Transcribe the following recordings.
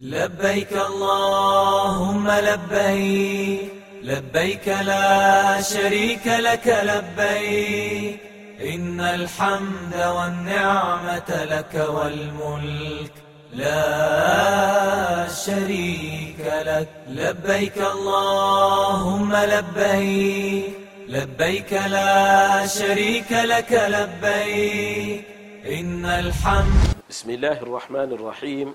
لبيك اللهم لبيك لبيك لا شريك لك لبيك إن الحمد والنعمة لك والملك لا شريك لك لبيك اللهم لبيك لبيك لا شريك لك لبيك إن الحمد بسم الله الرحمن الرحيم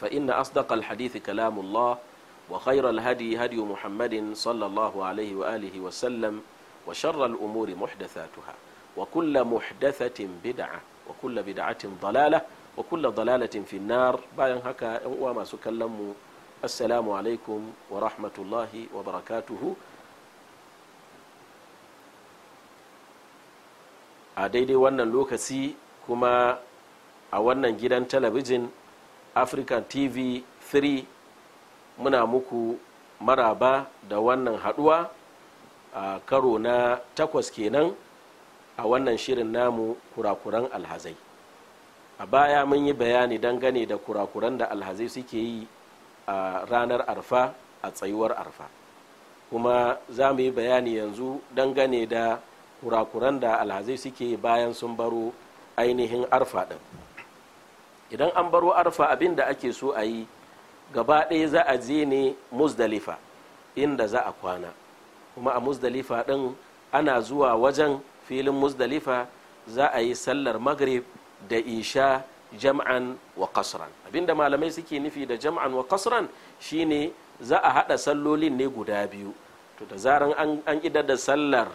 فإن أصدق الحديث كلام الله وخير الهدي هدي محمد صلى الله عليه وآله وسلم وشر الأمور محدثاتها وكل محدثة بدعة وكل بدعة ضلالة وكل ضلالة في النار باين هكا وما سكلم السلام عليكم ورحمة الله وبركاته أديدي آه، daidai لوكسي كما أولا a wannan african tv 3 muna muku maraba da wannan haduwa a karo na takwas kenan a wannan shirin namu kurakuran alhazai a baya mun yi bayani dangane da kurakuran da alhazai suke yi a ranar arfa a tsayuwar arfa kuma za mu yi bayani yanzu dangane da kurakuran da alhazai suke bayan sun baro ainihin arfa ɗin idan an baro arfa abin da ake so a yi gaba ɗaya za a je ne muzdalifa inda za a kwana kuma a muzdalifa ɗin ana zuwa wajen filin muzdalifa za a yi sallar maghrib da isha jam'an wa kasran abinda malamai suke nufi da jam'an wa kasran shine za a haɗa sallolin ne guda biyu to da zaran an idar da sallar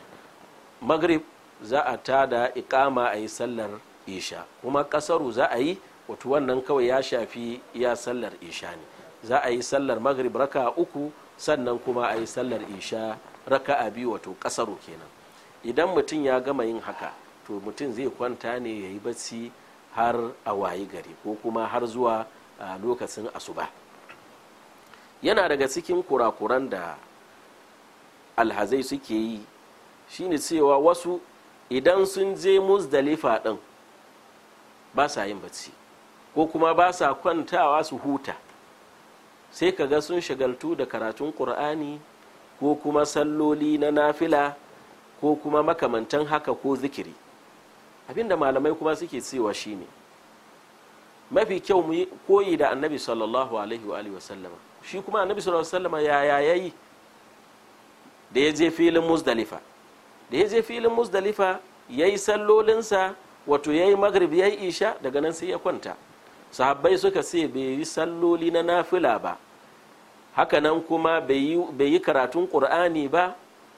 maghrib za a tada iƙama a yi sallar isha kuma ƙasaru za a yi wato wannan kawai ya shafi ya sallar isha ne za a yi sallar maghrib raka uku sannan kuma a yi sallar isha raka a biyu wato kasaro kenan idan mutum ya gama yin haka to mutum zai kwanta ne ya yi bacci har a wayi gari ko kuma har zuwa lokacin asuba yana daga cikin kurakuran da alhazai suke yi shine cewa wasu idan sun je musdalifa ɗin ba sa yin bacci ko kuma ba sa kwantawa su huta sai ka ga sun shagaltu da karatun ƙur'ani ko kuma salloli na nafila ko kuma makamantan haka ko zikiri abinda malamai kuma suke cewa shine mafi kyau mu koyi da annabi sallallahu alaihi wa sallama shi kuma annabi sallallahu alaihi wa sallama ya yayi da ya je filin muzdalifa da ya je filin muzdalifa ya yi sallolinsa wato ya yi magrib ya isha daga nan sai ya kwanta sahabbai suka ce bai yi salloli na nafila ba hakanan kuma bai yi karatun ƙur'ani ba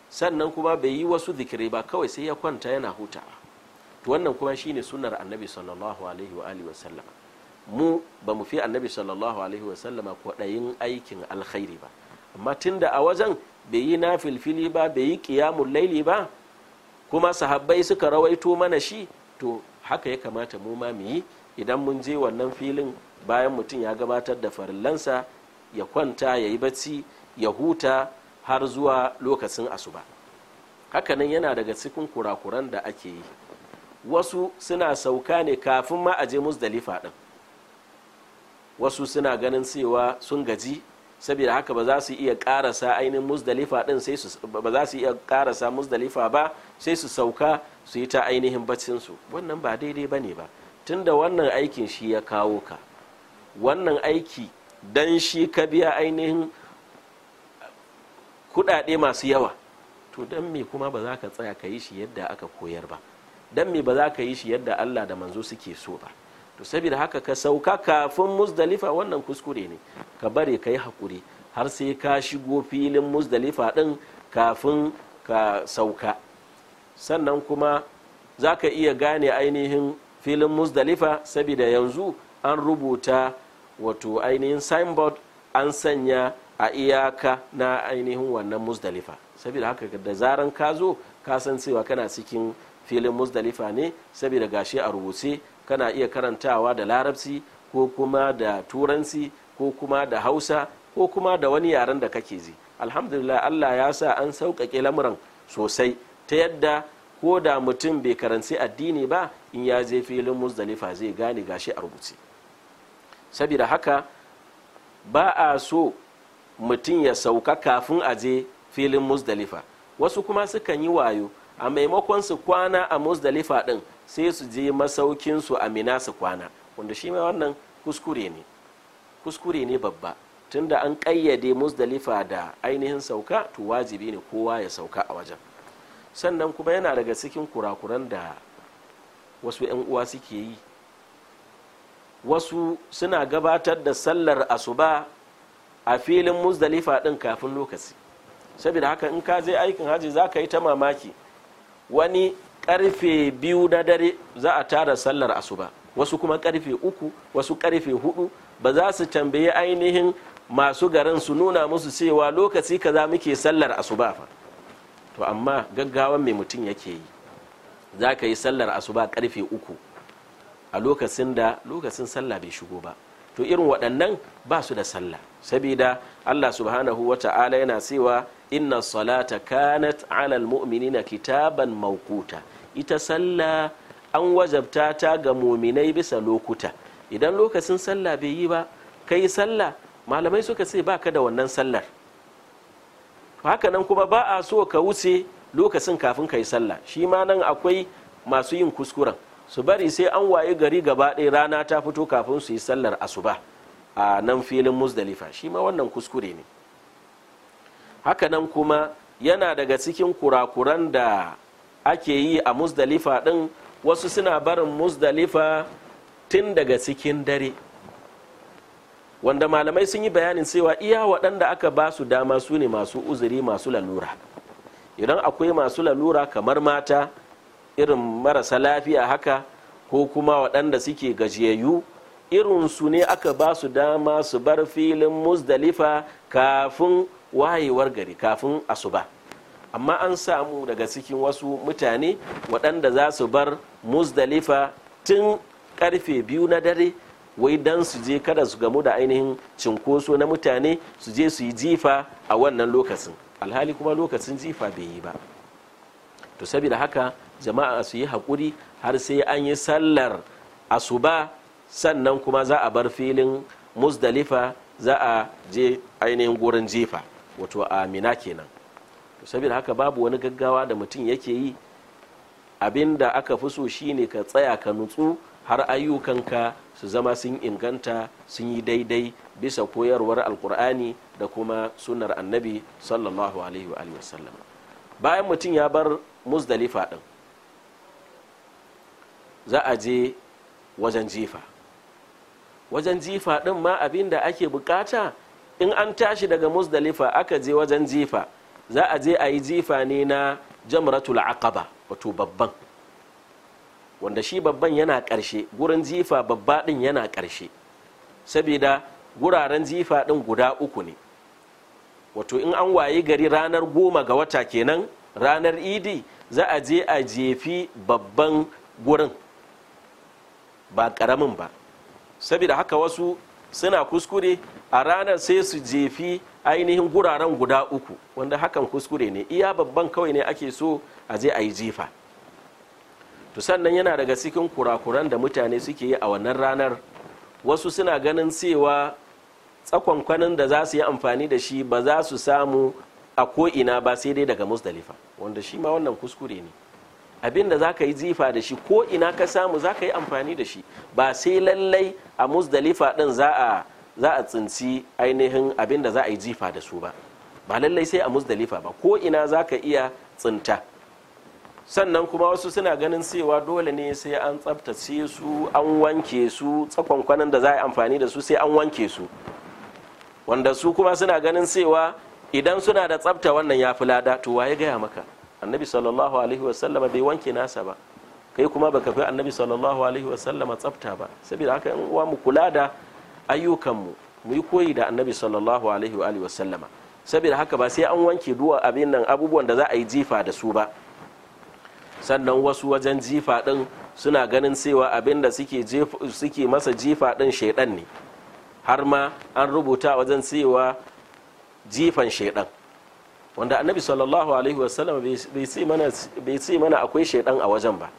sannan kuma bai yi wasu zikiri ba kawai sai ya kwanta yana huta to wannan kuma shine sunnar annabi sallallahu alaihi wa alihi wasallama mu ba mu fi annabi sallallahu alaihi wasallama ko kwaɗayin aikin alkhairi ba amma tunda a wajen bai yi na filfili ba bai yi ƙiyamun laili ba kuma sahabbai suka rawaito mana shi to haka ya kamata mu ma mu yi idan mun je wannan filin bayan mutum ya gabatar da farillansa ya kwanta ya yi bacci ya huta har zuwa lokacin asuba hakanan yana daga cikin kurakuran da ake yi wasu suna sauka ne kafin ma a je musdalifa din wasu suna ganin cewa sun gaji saboda haka ba za su iya karasa ainihin musdalifa din sai ba za su iya karasa musdalifa ba sai su sauka su yi ta ainihin su wannan ba daidai bane ba tunda wannan aikin shi ya kawo ka wannan aiki dan shi ka biya ainihin kudade masu yawa to dan me kuma ba za ka tsaya ka yi shi yadda aka koyar ba dan me ba za ka yi shi yadda Allah da manzo suke so ba to saboda haka ka sauka kafin muzdalifa wannan kuskure ne ka bare ka yi hakuri har sai ka shigo filin muzdalifa din kafin ka sauka sannan kuma za ka iya gane ainihin filin musdalifa saboda yanzu an rubuta wato ainihin signboard an sanya a iyaka na ainihin wannan musdalifa saboda haka da zaran ka zo ka san cewa kana cikin filin musdalifa ne saboda gashi a rubuce kana iya karantawa da larabci ko kuma da turanci ko kuma da hausa ko kuma da wani yaren da kake ji alhamdulillah allah ya sa an sauƙaƙe lamuran sosai ta yadda ko da mutum bai karanci addini ba in ya je filin muzdalifa zai gane gashi a rubuce saboda haka ba a so mutum ya sauka kafin a je filin muzdalifa wasu kuma sukan yi wayo a maimakon su kwana a muzdalifa din sai su je masaukinsu a mina su kwana wanda shi mai wannan kuskure ne kuskure ne babba tunda an kayyade muzdalifa da ainihin sauka to wajibi ne kowa ya sauka a wajen sannan kuma yana daga cikin kurakuran da wasu 'yan uwa suke yi wasu suna gabatar da sallar asuba a filin muzdalifa din kafin lokaci saboda haka in ka je aikin haji za ka yi ta mamaki wani karfe biyu na dare za a tara sallar asuba wasu kuma karfe uku wasu karfe hudu ba za su tambayi ainihin masu garin su nuna musu cewa lokaci kaza muke sallar asuba fa to amma gaggawan mai mutum yake yi za ka yi sallar asuba karfe uku a lokacin da lokacin sallah bai shigo ba to irin waɗannan ba su da sallah sabida allah subhanahu wa ta'ala yana cewa inna salata kanat alal mu'minina kitaban maukuta ita sallah an wajabta ta ga muminai bisa lokuta idan lokacin sallah bai yi ba kai sallah malamai suka ce baka da wannan sallar haka nan kuma ba a so ka wuce lokacin kafin ka yi sallah shi ma nan akwai masu yin kuskuren su bari sai an waye gari gaba ɗaya rana ta fito kafin su yi sallar asuba a nan filin musdalifa shi ma wannan kuskure ne haka nan kuma yana daga cikin kurakuran da ake yi a musdalifa ɗin wasu suna barin musdalifa tun daga cikin dare wanda malamai sun yi bayanin cewa iya waɗanda aka ba su dama su ne masu uzuri masu lalura idan akwai masu lalura kamar mata irin marasa lafiya haka ko kuma waɗanda suke gajiyayyu irin su ne aka ba su dama su bar filin musdalifa kafin wayewar gari kafin asuba amma an samu daga cikin wasu mutane waɗanda za su bar musdalifa tun karfe biyu na dare wai dan su je kada su gamu da ainihin cinkoso na mutane su je su yi jifa a wannan lokacin alhali kuma lokacin jifa bai yi ba to saboda haka jama'a su yi haƙuri har sai an yi sallar asuba sannan kuma za a bar filin musdalifa za a je ainihin gurin jifa wato amina kenan to saboda haka babu wani gaggawa da mutum yake yi abin da aka fi so shine ka tsaya ka nutsu har ayyukanka su zama sun inganta sun yi daidai bisa koyarwar alkur'ani da kuma sunar annabi sallallahu alaihi wa sallam bayan mutum ya bar musdalifa din za a je wajen jifa wajen jifa din ma abin da ake bukata in an tashi daga musdalifa aka je wajen jifa za a je a yi jifa ne na jamratul aqaba wato babban wanda shi babban yana ƙarshe gurin zifa babba ɗin yana ƙarshe saboda guraren zifa ɗin guda uku ne wato in an wayi gari ranar goma ga wata kenan ranar idi za a je a jefi babban gurin ba ƙaramin ba saboda haka wasu suna kuskure a ranar sai su jefi ainihin guraren guda uku wanda hakan kuskure ne iya babban kawai ne ake so a je a yi jifa to sannan yana daga cikin kurakuran da mutane suke yi a wannan ranar wasu suna ganin cewa tsakonkwanin da za su yi amfani da shi ba za su samu a ko'ina ba sai dai daga musdalifa wanda shi ma wannan kuskure ne abin da za ka yi zifa da shi koina ka samu za ka yi amfani da shi ba sai lallai a musdalifa ɗin za a za a tsinci ainihin abin da za a yi zifa da su ba ba lallai sai a musdalifa ba ko ina za ka iya tsinta sannan kuma wasu suna ganin cewa dole ne sai an tsabtace su an wanke su tsakonkwanan da za a yi amfani da su sai an wanke su wanda su kuma suna ganin cewa idan suna da tsabta wannan ya fi lada to waye gaya maka annabi sallallahu alaihi wasallama bai wanke nasa ba kai kuma baka fi annabi sallallahu alaihi wasallama tsabta ba saboda haka in uwa mu kula da ayyukanmu mu yi koyi da annabi sallallahu alaihi wasallama saboda haka ba sai an wanke duwa abin nan abubuwan da za a yi jifa da su ba sannan wasu wajen jifa ɗin suna ganin cewa abin da suke masa jifa ɗin shaiɗan ne har ma an rubuta wajen cewa jifan shaiɗan wanda annabi sallallahu alaihi wasallam bai ce mana akwai shaiɗan a wajen ba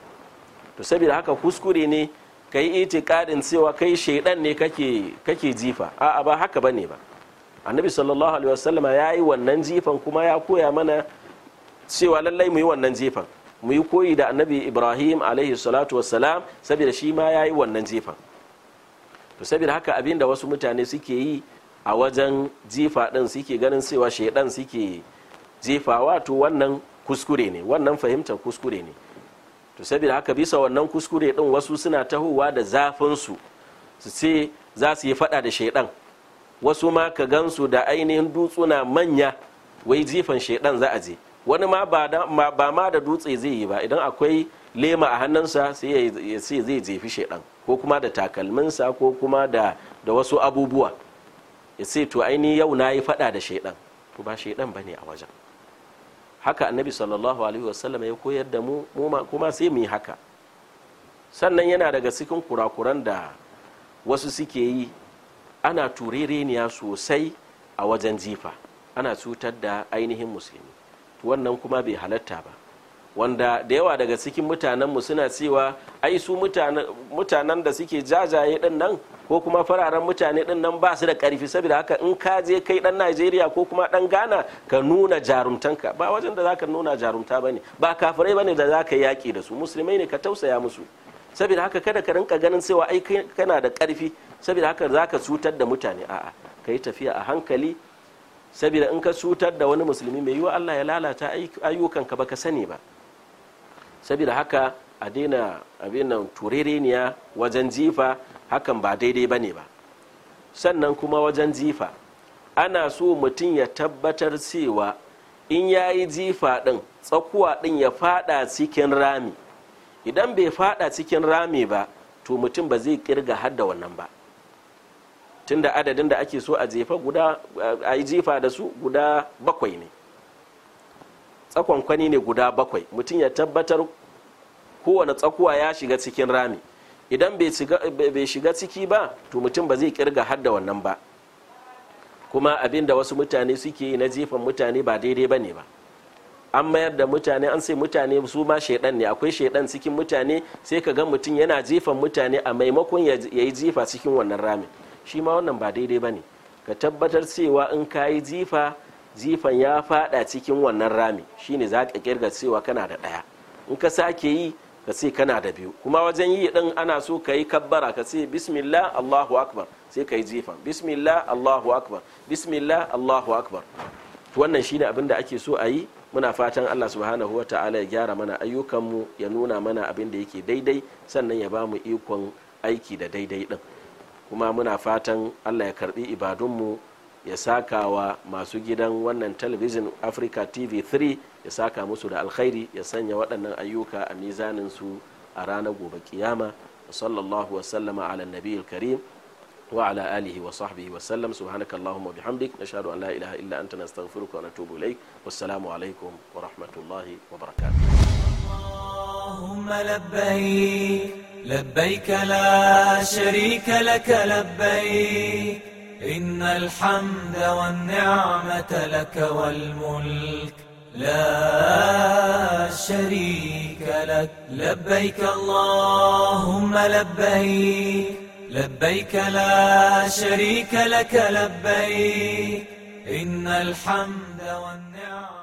to saboda haka kuskure ne ka yi itikadin cewa kai shaidan ne kake jifa a'a ba haka ba ne ba annabi sallallahu alaihi wasallam ya yi wannan jifan kuma ya koya mana cewa lallai mu yi wannan jifan mu yi koyi da annabi ibrahim alaihi salatu wassalam saboda shi ma ya yi wannan jefan to saboda haka abinda wasu mutane suke yi a wajen jefa ɗin suke ganin cewa shaidan suke jefawa wato wannan kuskure ne wannan fahimtar kuskure ne to saboda haka bisa wannan kuskure ɗin wasu suna tahowa da zafin su ce za su yi faɗa da shaidan wasu ma ka gansu da ainihin dutsuna manya wai jifan shaidan za a je wani ma ba ma da dutse zai yi ba idan akwai lema a hannunsa sai zai jefi shaidan ko kuma da takalminsa ko kuma da wasu abubuwa ya sai to aini yau na yi fada da shaidan to ba shaidan bane a wajen haka annabi sallallahu alaihi wasallam ya koyar da mu kuma sai mu yi haka sannan yana daga cikin kurakuran da wasu suke yi ana turereniya sosai a wajen jifa ana cutar da ainihin musulmi wannan kuma bai halatta ba wanda da yawa daga cikin mutanenmu suna cewa ai su mutanen da suke jajaye din nan ko kuma fararen mutane din nan ba su da karfi saboda haka in ka je kai dan Najeriya ko kuma dan Ghana ka nuna jarumtanka ba wajen da zaka nuna jarumta bane ba kafirai bane da zaka yaki da su musulmai ne ka tausaya musu saboda haka kada ka rinka ganin cewa ai kana da karfi saboda haka zaka cutar da mutane a'a kai tafiya a hankali saboda in ka cutar da wani musulmi mai yiwa Allah ya lalata ayyukanka baka sani ba saboda haka a daina abin nan turereniya wajen jifa hakan ba daidai ba ne ba sannan kuma wajen jifa ana so mutum ya tabbatar cewa in ya yi jifa ɗin tsakuwa ɗin ya fada cikin rami idan bai fada cikin rami ba to mutum ba zai kirga hadda wannan ba tunda adadin da ake so a jefa guda a yi jefa da su guda bakwai ne tsakonkwani ne guda bakwai mutum ya tabbatar kowane tsakuwa ya shiga cikin rami idan bai shiga ciki ba to mutum ba zai kirga har da wannan ba kuma abin da wasu mutane suke yi na jefan mutane ba daidai ba ne ba an mayar da mutane an sai mutane su ma shaidan ne akwai shaidan cikin mutane sai ka ga mutum yana jefan mutane a maimakon ya yi jefa cikin wannan ramin shi ma wannan ba daidai ba ne ka tabbatar cewa in ka yi jifa jifan ya fada cikin wannan rami shine za ka kirga cewa kana da ɗaya in ka sake yi ka sai kana da biyu kuma wajen yi din ana so ka yi kabbara ka sai bismillah allahu akbar sai ka yi jifa bismillah allahu akbar bismillah allahu akbar wannan shine abin da ake so a yi muna fatan allah subhanahu wa ta'ala ya gyara mana ayyukanmu ya nuna mana abin da yake daidai sannan ya ba mu ikon aiki da daidai din kuma muna fatan allah ya karbi ibadunmu ya saka wa masu gidan wannan talabijin africa tv 3 ya saka musu da alkhairi ya sanya waɗannan ayyuka a su a ranar gobe kiyama sallallahu wasallama ala nabiyil karim wa ala alihi wa sahbihi wa sallam subhanaka allahumma bihamdik nashhadu an la ilaha illa anta nastaghfiruka wa natubu ilaik wassalamu alaikum wa rahmatullahi wa barakatuh لبيك لا شريك لك لبيك إن الحمد والنعمة لك والملك لا شريك لك لبيك اللهم لبيك لبيك لا شريك لك لبيك إن الحمد والنعمة